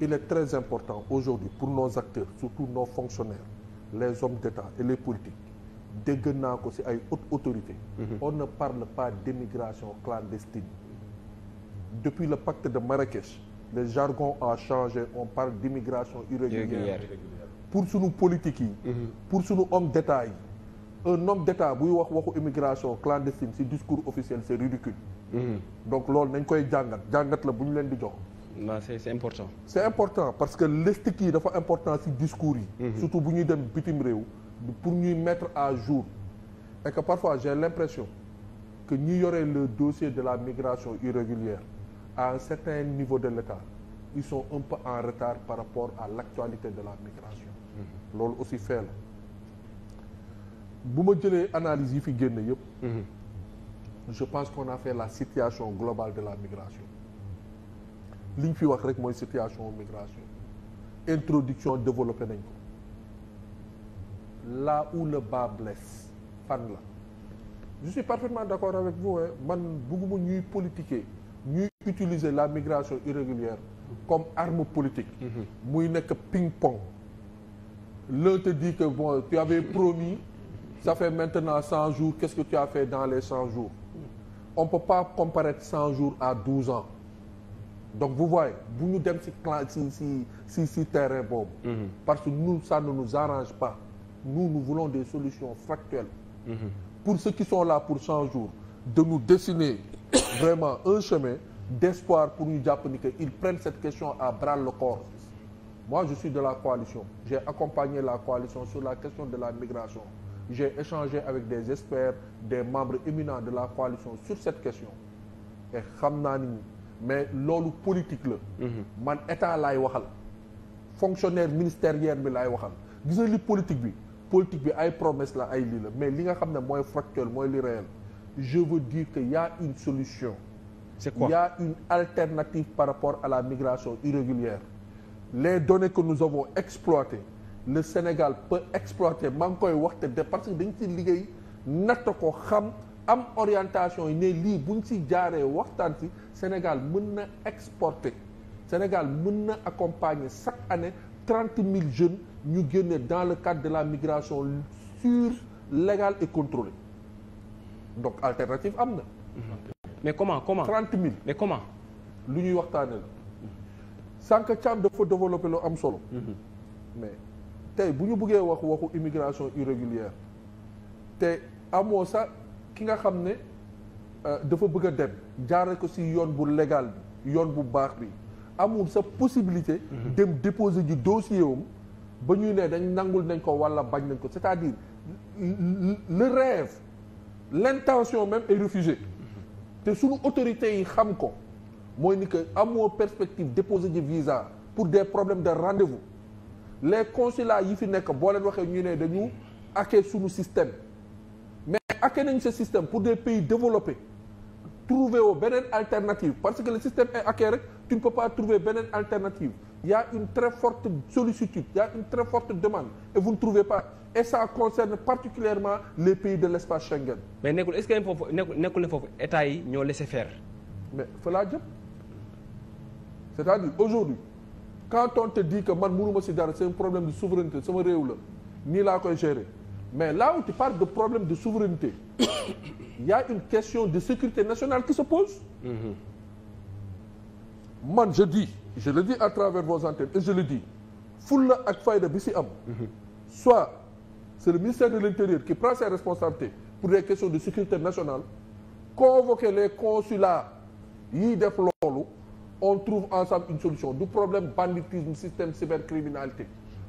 il est très important aujourd'hui pour nos acteurs surtout nos fonctionnaires les hommes d'État et les politiques dégg naa ko ci ay hautes autorités mhm. on ne parle pas d'immigration clandestine depuis le pacte de Marrakech le jargon a changé on parle d'immigration irrégulière pour suñu politique yi mhm. pour suñu homme d'État yi un homme d'État buy wax waxu immigration clandestine ci discours officiel c'est ridicule mhm. donc loolu nañ koy jàngat jàngat la bu ñu leen di jox non c' est c' important. parce que lestik yi dafa important ci discours yi. Mhm. surtout bu ñuy dem bitim réew. pour ñuy mettre à jour. et que parfois j'ai l'impression que ñi yore le dossier de la migration irrégulière à un certain niveau de l'État ils sont un peu en retard par rapport à l'actualité de la migration mhm. loolu aussi fait la bu ma jëlee analyse yi fi génn yëpp mhm. pense qu'on a fait la situation globale de la migration li ñu fi wax rek mooy situation migration introduction développé nañ ko là où le bas blesse fan la je suis parfaitement d'accord avec vous man bëgguma ñuy politiquer ñuy utiliser la migration irrégulière comme arme politique mm-hmm. muy nekk ping-pong l'un te dit que bon tu avais promis ça fait maintenant cent jours qu'est-ce que tu as fait dans les cent jours on peut pas comparer cent jours à douze ans donc vous voyez bu ñu dem si clan ci ci ci ci terrain boobu. Mhm. parce que nous ça ne nous arrange pas nous nous voulons des solutions factuelles. Mhm. pour ceux qui sont là pour cent jours de nous dessiner vraiment un chemin d'espoir pour ñu jàpp ni que ils prennent cette question à bras le corps. moi je suis de la coalition j'ai accompagné la coalition sur la question de la migration j'ai échangé avec des experts des membres éminents de la coalition sur cette question et xam naa mais loolu politique la. Mhm. man état lay waxal. fonctionnaire ministériel bi laay waxal gis nga li politique bi politique bi ay promesse la ay lii la mais li nga xam ne mooy factuel mooy li réel je veux dire que y une solution. c'est quoi? y a une alternative par rapport à la migration irrégulière. les données que nous avons exploitées le Sénégal peut exploiter maa ngi koy wax te de parce que dañ ci liggéey natt ko xam. am orientation yi ne lii buñ si jaaree waxtaan si Sénégal mën na exporter Sénégal mën na accompagner chaque année trente mille jeunes ñu génne dans le cadre de la migration sûre légale et contrôlée donc alternative am na. mais comment comment trente mille. mais comment. lu ñuy waxtaanee la. sànq Thiam dafa développé lu am solo. Mm-hmm. mais tey bu ñu bëggee wax waxu immigration irrégulière te amoo sax. ki nga xam ne euh, dafa bëgg a dem jaaree ko si yoon bu légal bi yoon bu baax bi amul sa possibilité. Mhm. dem déposer ji dossier am ba ñuy nee dañ nangul nañ ko walla bañ nañ ko c'est-à-dire le rêve l'intention même est refusée te suñu autorités yi xam ko mooy ni que amoo perspective déposer ji visa pour des problèmes de rendez-vous les consulats yi fi nekk boo leen waxee ñu ne dañu hacké suñu système. hacké nañ ce système pour des pays développés trouver woo beneen alternative parce que le système est hacké rek tu ne peux pas trouver beneen alternative il y une très forte sollicitude il y une très forte demande et vous ne trouvez pas et ça concerne particulièrement les pays de l'espace Schengen mais nekkul est-ce que foofu nekkul ne foofu état yi ñoo laisser faire mais fa laa jëm c'est-à-dire aujourd'hui quand te dit que man mënuma si dara c'est un problème de souveraineté sama réew la nii Mais là où tu parles de problème de souveraineté, il a une question de sécurité nationale qui se pose. man je dis le dis à travers vos antennes et je le dis fulla ak fayda bi si am soit c'est le ministère de l'intérieur qui prend ses responsabilités pour des questions de sécurité nationale convoquer les consulats yiy def loolu on trouve ensemble une solution du problème banditisme système cybercriminalité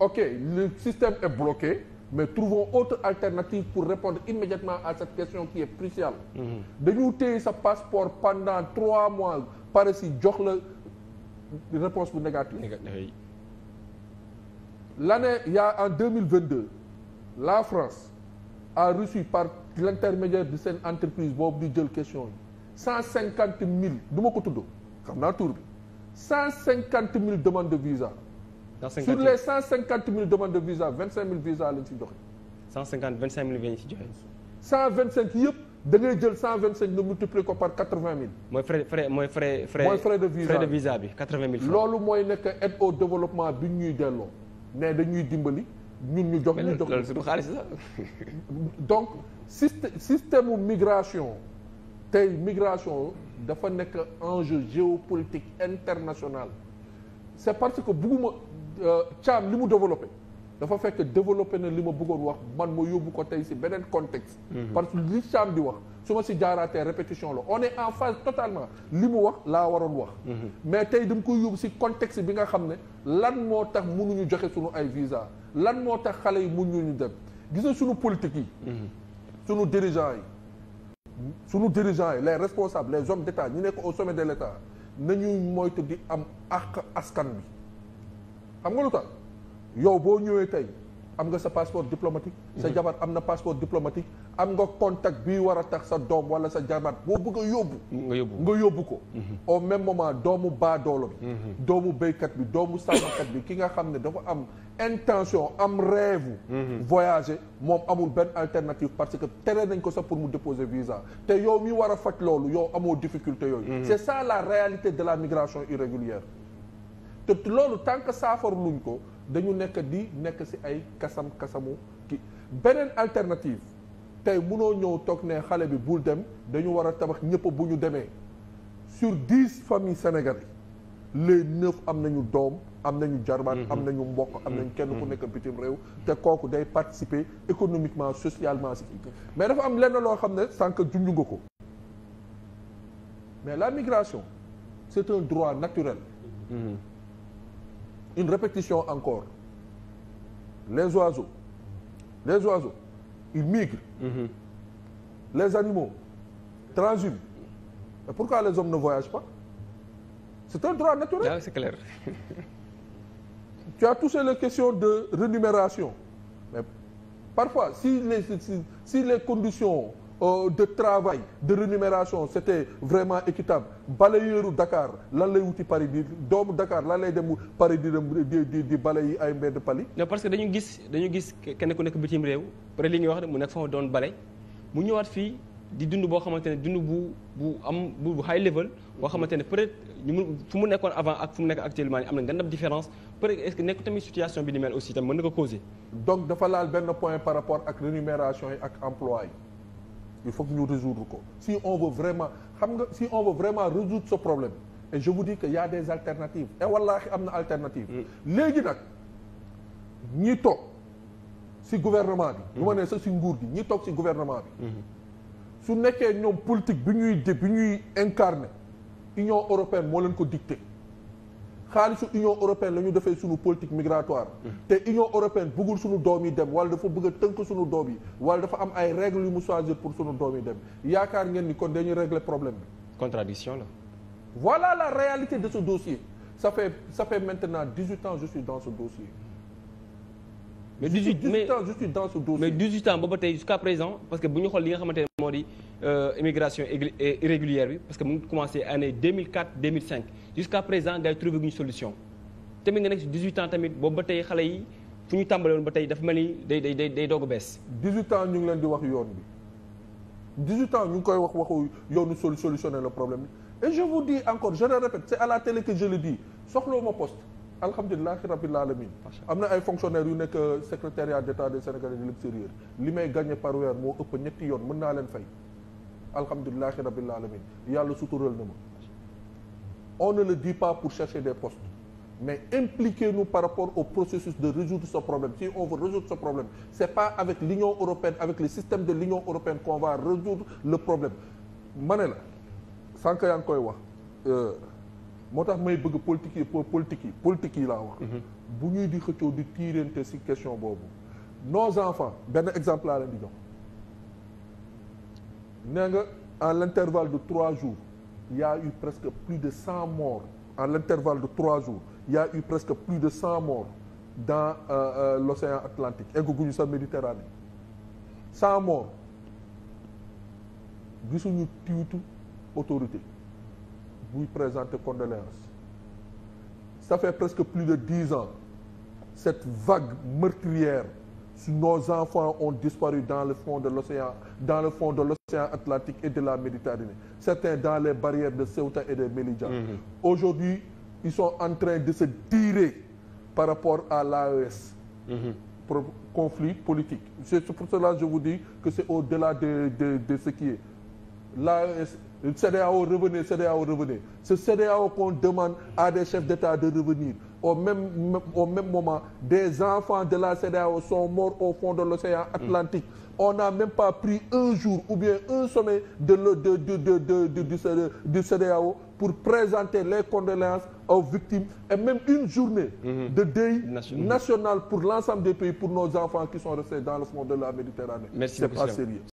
ok le système est bloqué mais trouvons autre alternative pour répondre immédiatement à cette question qui est cruciale mhm. dañu téye sa passeport pendant trois mois pare si jox la réponse bu négative l'année il y a en 2022 la France a reçu par l'intermédiaire de seen entreprise boobu di jël question yi cent cinquante mille du ma ko tudd xam naa tur bi cent cinquante mille demandes de visa sur les cent cinquante mille demandes de visa vingt cinq mille visa lañ si joxe. cent cinquante vingt cinq mille lañ si joxe. cent vingt cinq yëpp da ngay jël cent vingt cinq nga multiplier ko mooy frais frais frais. frais de visa bi quatre vingt mille. loolu mooy nekk aide au développement bi ñuy delloo ne dañuy dimbali. ñun ñu jox ñu jox surtout xaalis la donc système migration tey migration dafa nekk enjeu géopolitique international c'est parce que bugguma Euh, Thiam li mu développé dafa fekk développé na li ma bëggoon wax man ma yóbbu ko tey si beneen contexte. Mhm. parce que li Thiam di wax su ma si jaaraatee répétition la on est en phase totalement li mu wax laa waroon wax. Mhm. mais tey dam koy yóbbu si contexte bi nga xam ne lan moo tax ñu joxe suñu ay visa lan moo tax xale yi mu ñu dem gis na suñu politique yi. Mhm. sunu dirigeants yi. suñu dirigeants yi les responsables les hommes d' état ñu nekk au sommet de l' état nañuy di am àq askan bi. xam nga lu tax yow boo ñëwee tey am nga sa passeport diplomatique. sa mhm. jabar am na passeport diplomatique am nga contact bii war a tax sa doom wala sa jabar boo bëgg a yóbbu. nga yóbbu nga yóbbu ko. Mhm. au même moment doomu baadoolo bi. Mhm. doomu béykat bi doomu sàmmkat bi ki nga xam ne dafa am intention am rêve. voyager moom amul benn alternative parce que tere nañ ko sax pour mu déposer visa te yow mi war a faj loolu yow amoo difficulté yooyu. c'est ça la réalité de la migration irrégulière. te loolu tant que saafara luñ ko dañu nekk di nekk si ay kasam kasamu ki beneen alternative tey munoo ñëw toog ne xale bi bul dem dañu war a tabax ñëpp bu ñu demee sur dix familles sénégalaises leen neuf am nañu doom am nañu jarbaat am mhm. nañu mbokk am nañu kenn ku mhm. nekk bitim réew te kooku day participer économiquement socialement si mais dafa am lenn loo xam ne sànq junju nga ko mais la migration c'est un droit naturel mm une répétition encore les oiseaux les oiseaux ils migrent mm -hmm. les animaux transhument et pourquoi les hommes ne voyagent pas c'est un droit naturel ah, tu as touché les questions de rémunération mais parfois si les si, si les conditions Euh, de travail de rémunération c'était vraiment équitable balayeuru Dakar lan lay wuti Paris bi doomu dakaar lan lay dem Paris di di di di balayi ay mbedd pali non parce que dañu gis dañu gis kenn ku nekk bitim réew après li ngay wax mu nekk fa doon balay mu ñëwaat fii di dund boo xamante ne dund bu bu am bu high level boo xamante ne peut-être ñu mun fu mu nekkoon avant ak fu am na gën a différence peut-être est que nekk tamit situation bi ni mel aussi tam mën par rapport ak rémunération yi emploi il faut que ñu résoudre ko si on veut vraiment xam nga si on veut vraiment résoudre ce problème et je vous dis que y a des alternatives et wallaahi am na alternative mm. léegi nag ñi toog si gouvernement bi lu ma ne mm-hmm. sax si nguur gi ñi toog si gouvernement bi mm-hmm. su nekkee ñoom politique bi ñuy dé bi ñuy incarner Union européenne moo leen ko dicté xaalisu union européenne la ñu defee suñu politique migratoire te union européenne bëggul suñu doom yi dem wala dafa bëgg a tënk suñu doom yi wala dafa am ay règles yu mu choisir pour suñu doom yi dem yaakaar ngeen ni kon dañu régler problème bi contradiction là voilà la réalité de ce dossier ça fait ça fait maintenant dix-huit ans je suis dans ce dossier mais dix-huit ans je suis dans ce dossier présent parce que bu ñu xool li nga xamante ne moo Euh, immigration euh, irrégulière bi parce que mu ngi commencé année 2004 2005 jusqu'à présent ngay trouvé gu ñu solution tamit nga nekk si 18 ans tamit boobu ba tey xale yi fu ñu tàmbale ba tey dafa mel ni day day day day doog a bees. ans ñu ngi leen di wax yoon bi 18 ans ñu ngi koy wax waxu yoonu solu solutionner le problème et je vous dis encore je le répète c'est à la je le dis soxloo ma poste. alhamdulilah rabbil ay fonctionnaires yu euh, li may gagné par weer moo ëpp yoon mën naa fay. alhamdulilahi rabbil alamin yàlla sutural na ma on ne le dit pas pour chercher des postes mais impliquez-nous par rapport au processus de résoudre ce problème si on veut résoudre ce problème c'est pas avec l'Union européenne avec le système de l'Union européenne qu'on va résoudre le problème ma ne la sànq yaa koy wax euh, moo tax may bëgg politique yi politique yi politique yi laa wax mhm. bu ñuy di xëccoo di tiirante ci question boobu nos enfants benn exemple laa leen di nee nga en l'intervalle de trois jours ya y eu presque plus de cent morts en l'intervalle de trois jours ya y a eu presque plus de cent morts dans euh, euh, l'océan Atlantique egguñu sa Méditerranée cent morts gisuñu tiitu autorité buy présenter condoléance ça fait presque plus de dix ans cette vague meurtrière si nos enfants ont disparu dans le fond de l'océan dans le fond de l'océan Atlantique et de la Méditerranée certains dans les barrières de Ceuta et de Melilla mm -hmm. aujourd'hui ils sont en train de se tirer par rapport à l'AES mm -hmm. pour conflit politique c'est pour cela je vous dis que c'est au-delà de, de, ce qui est l'AES CEDEAO revenez CEDEAO revenez c'est qu'on demande à des chefs d'État de revenir au même au même moment des enfants de la CEDEAO sont morts au fond de l'océan mm. Atlantique on n'a même pas pris un jour ou bien un sommet de le de de de de de du CEDEAO pour présenter les condoléances aux victimes et même une journée mm-hmm. de deuil national pour l'ensemble des pays pour nos enfants qui sont restés dans le fond de la Méditerranée c'est pas sérieux